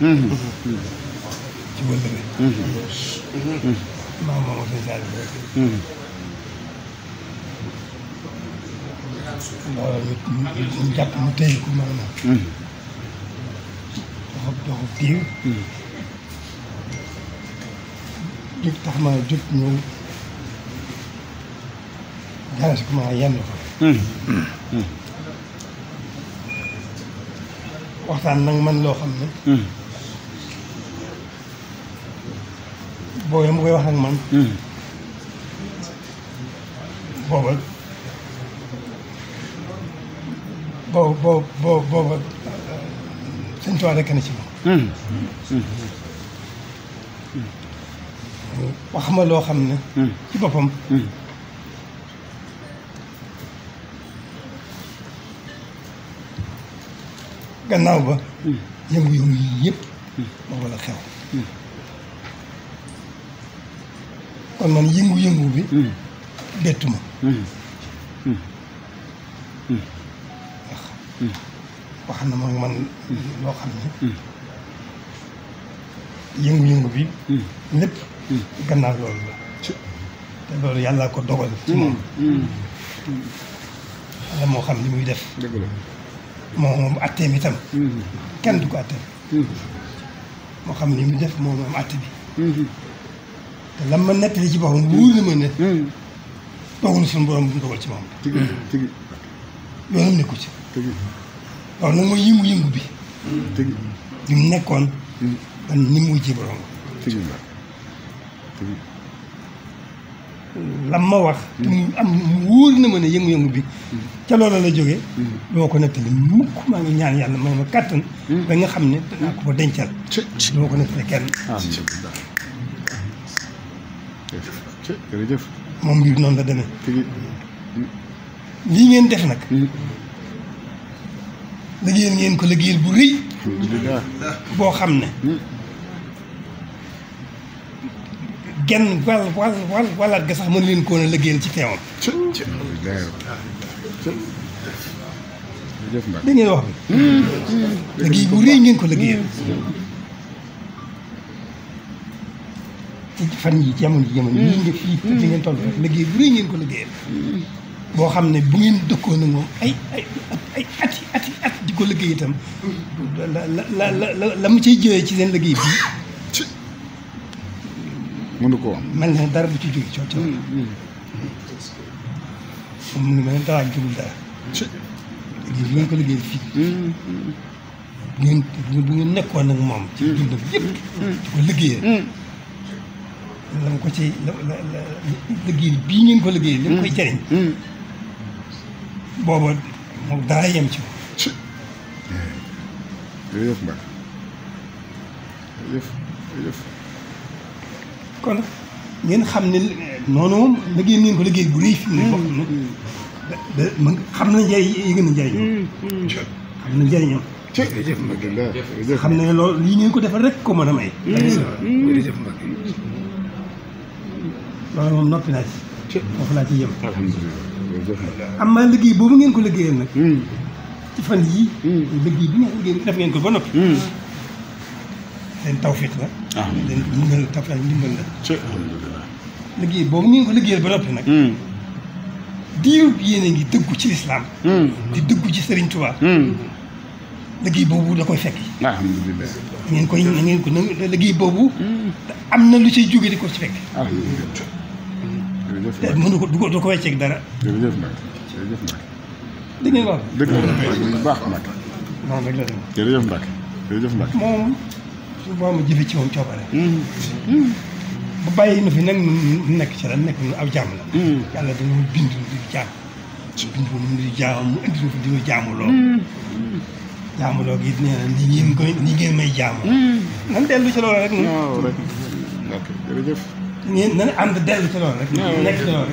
ci wëllëre. maa moom sëñ loolu it ñu jàpp mu téye ko noonu. doxub doxub diir. jub tax ma jub ñëw gànnaar si ma yenn ko. waxtaan nag man loo xam ne. booba mu koy wax ak man. Hmm. booba booba booba booba booba sëñ ci moom. Hmm. Hmm. wax loo xam ne. ci boppam. gannaaw ba. yëngu-yëngu yëpp. booba la xew. kon man yëngu-yëngu bi. Hmm. bettu ma. wax hmm. hmm. wax na ma man loo xam ne. yëngu-yëngu bi. lépp gannaaw loolu la. te loolu yàlla ko dogal. ci moom. moo xam li muy def. dëgg moom moom atteem itam. kenn du ko atteem. moo xam li muy def moom moom atte bi. lan ma nettali ci boppam wóor na ma ne. dogal hmm. na suñu borom bu mu dogal ci moom. tigi tigi. yoonam nekkul ci. tigi waaw nag mooy yëngu-yëngu bi. tigi li mu nekkoon. ban ni mu ji borom. ma wax. mu na ma ne yëngu-yëngu bi. ca loola la jógee. Hmm. doo ko nettali mukk maa ngi ñaan yàlla may ma kàttan. Hmm. ba nga xam ne danaa ko fa dencal. ko jërëjëf moom ngir noonu la demee. lii ngeen def nag. Mm. liggéeyal ngeen ko liggéeyal bu rëy. boo xam ne. Mm. genn wàll wàll wàll wàllaat ga sax mën leen koo na ci teewam. da ngeen wax bi. Mm. liggéey bu rëy ngeen ko liggéeyal. ci fan yi ci jamono ji jamono yi mm. nga fii li mm. ngeen toll rek liggéey bu rëy ngeen ko liggéeyal mm. boo xam ne bu ngeen dëkkoo nag moom ay ay ay ati ati di ko liggéey itam la la la la mu ciy jëlee ci seen liggéey bii mënu ko am mel na dara bu ci jóge coo coo moom ni ma liggéey bu ngeen ko liggéeyal fii bu ngeen bu ngeen nekkoon nag moom ci dundam yëpp di ko liggéeyal lan ko ci la la la liggéey bii ngeen ko liggéey. li mu koy jëriñ. Mm, mm. booba dara yem ci ko. Eh, jërëjëf Mbacke jërëjëf ngeen xam ne noonu moom liggéey ngeen ko liggéey bu rëy fi mu ne. da mm, da xam na njëriñ yi xam na njëriñam. jërëjëf Mbacke xam ne loolu lii ngeen ko defal rek ko mën a loolu moom noppi naa ci foofu laa ci yem am naa liggéey boobu ngeen ko liggéeyal nag hmm. ci fan yi hmm. liggéey bi ngeen ngeen ko ba noppi hmm. leen tawfiq la leen ndimbal tawfiq ndimbal la alhamdulilah ko liggéeyal ba noppi nag diiru yéen a ngi dëggu ci lislaam di dëggu ci sëriñ Touba liggéey boobu da koy fekk alhamdulilah ngeen koy ngeen ko liggéey boobu am na lu ciy jóge di ko ci fekk jërëjëf mënu ko du ko wecceeg dara. jërëjëf nag jërëjëf nag. dégg ngeen wax. dëgg la bu baax nag. noonu rek la dem. jërëjëf nag jërëjëf nag. moom su ci moom coobare. Hmm. Hmm. bu bàyyi nu fi nag nu nekk ci la nekk ab aw jàmm la. Hmm. yàlla dañoo bind di jaam. bind mu di mu indi di jaamu lool. jaamu lool gi nee ni ngeen may jaamu. nan dellu ci loolu rek. waaw ngeen nañ ànd dellu ci loolu rek. nekk ci loolu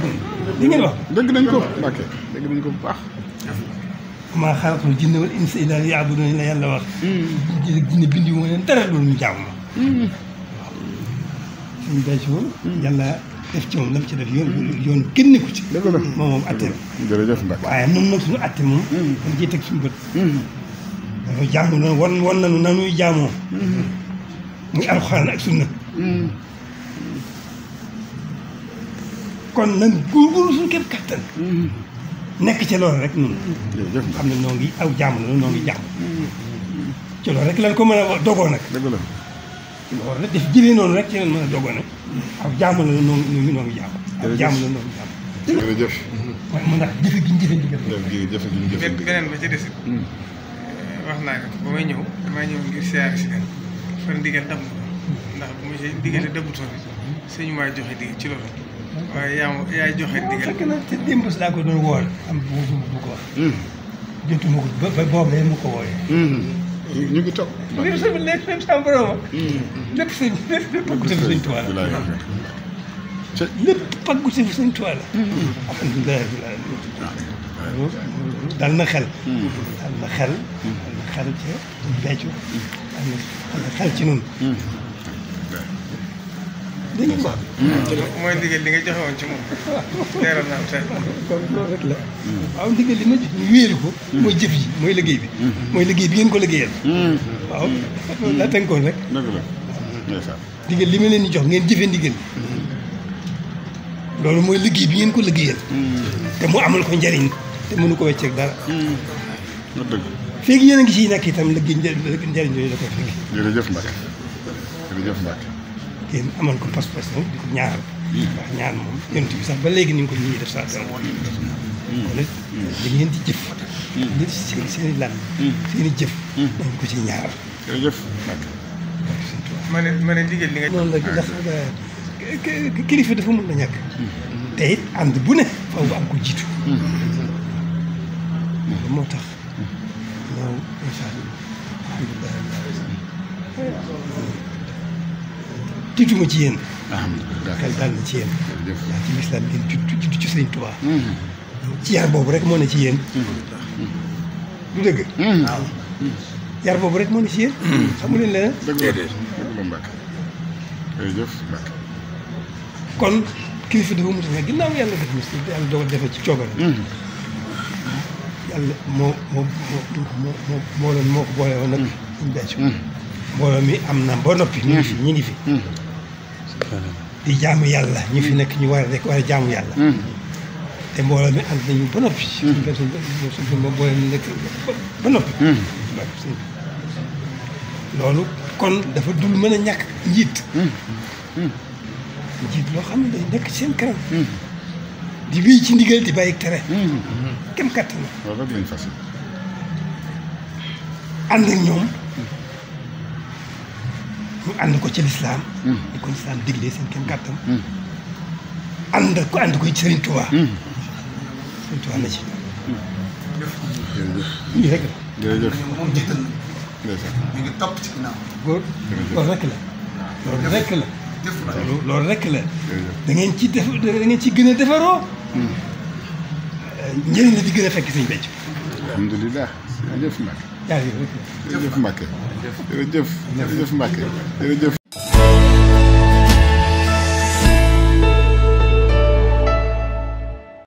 rek li ngeen wax. dëgg nañ ko ok dëgg nañ ko bu baax. maa xalaqtul jinna wal insa illaa liya'buduun la yàlla wax. Hmm. jinne bindi moo leen dara loolu ñu jaamu ma. Hmm. waaw suñu béy si moom. Hmm. yàlla def ci moom la mu ci def yoon yoon génne ko ci. dëgg la moom moom atte la. jërëjëf Mbacke waaye moom nag suñu atte moom. dañ ciy teg suñu bët. dafa jaamu noonu wan wan nañu nanuy jaamoo. muy alxuraan ak sunna. kon nan góorgóorlu suñu képp kattan. Mm-hmm. nekk ci loolu rek noonu. xam ne noo ngi aw jàmm la noo ngi jàmm. Mm-hmm. ci loolu rek lan ko mën a dogoo nag. dëgg la. loolu rek daf jëlee noonu rek ci lan mën a dogoo nag. aw jàmm la noo ngi noo ngi jàmm. aw jàmm la noo mën naa jëfe gi ñu jëfe ndigal. jëfe gi ñu beneen ba ci desit. Mm. Eh, wax naa ko ba may ñëw damaa ñëw ngir siyaare si leen fan ndigal ndax bu ma si ndigalee dabutoon sëñ maa joxe dig ci loolu waaye yaa yaay joxe ndigal. fekk na te démb si laa ko doon woor am bu bu ko wax. Hmm. jotuma ko ba ba boobu mu ko wooyee. Hmm. ñu ngi toog. lépp sama lépp lépp sama borom a. lépp sëñ lépp lépp ak guddi sëñ Tuubaa la. lépp ak guddi sëñ Tuubaa la. Hmm. alhamdulilah dal na xel. dal na xel. dal na xel ci beccu. dal na xel ci noonu. dégg nga mooy ndigal li nga joxe ci moom. leeral naa tey. kon loolu rek la. waaw li ma jox ñu ko. mooy jëf yi mooy liggéey bi. mooy liggéey bi ngeen ko liggéeyal. waaw loolu laa tënkoon rek. dëgg la. ndigal li ma leen di jox ngeen jëfe ndigal bi. loolu mooy liggéey bi ngeen ko liggéeyal. mu amal ko njariñ te mënu ko wecceeg dara. dëgg feegi yéen a ngi ciy nekk itam liggéey njariñ njariñ yooyu la koy fekk. jërëjëf Mbacke te amal ko pas-pas nag di ko ñaanal. ndax ñaan moom yonent bi sax ba léegi ni nga ko nit ñi def saa dara. kon it da ngeen di jëf. li seen seen i lan. seen i jëf. dañ ko ci ñaanal. jërëjëf. ma ne ma ne liggéey li nga. noonu la euh, kilifa dafa mën na ñàkk. te it ànd bu ne faw am ko jiitu. moo tax. ñoom incha allah alhamdulilah. tiituma ci yéen. na ci yéen. jërëjëf waaw ci lislaam ci hmm. ci ci yar boobu rek moo ne ci yéen. Hmm. du dëgg. Hmm. Ah. yar boobu rek moo ne ci yéen. xamu leen leneen. dëgg la dëgg la Mbacke. jërëjëf Mbacke. kon kilifa dafa mu defee ginnaaw yàlla def na si yàlla dogal defee ci coobare. yàlla moo moo moo moo moo leen boole woon nag. suñu mi am na ba noppi. ñu ngi ngi fi. di jaamu yàlla ñu fi nekk ñu war a nekk war a jaamu yàlla hmm. te mbooloo mi ànd nañu ba noppi hmm. nekk ba noppi hmm. loolu kon dafa dul mën a ñàkk njiit njiit loo xam ne day nekk seen kanam di wéy ci ndigal di bàyyi tere kem kàttan la ànd ak ñoom ñu ànd ko ci lislaam mm. ko lislaam diglee seen kenn kàttan mm. ko ànd ci Sëriñ Tuubaa mm. Sëriñ Tuubaa na ci lii rek la na ñu loolu rek la loolu rekk la loolu da ngeen ci def da ngeen ci gën a defaroo njëriñ la di gën a fekk sëñ becc alhamdulilah jëf jërëjëf Mbacke jërëjëf jërëjëf Mbacke jërëjëf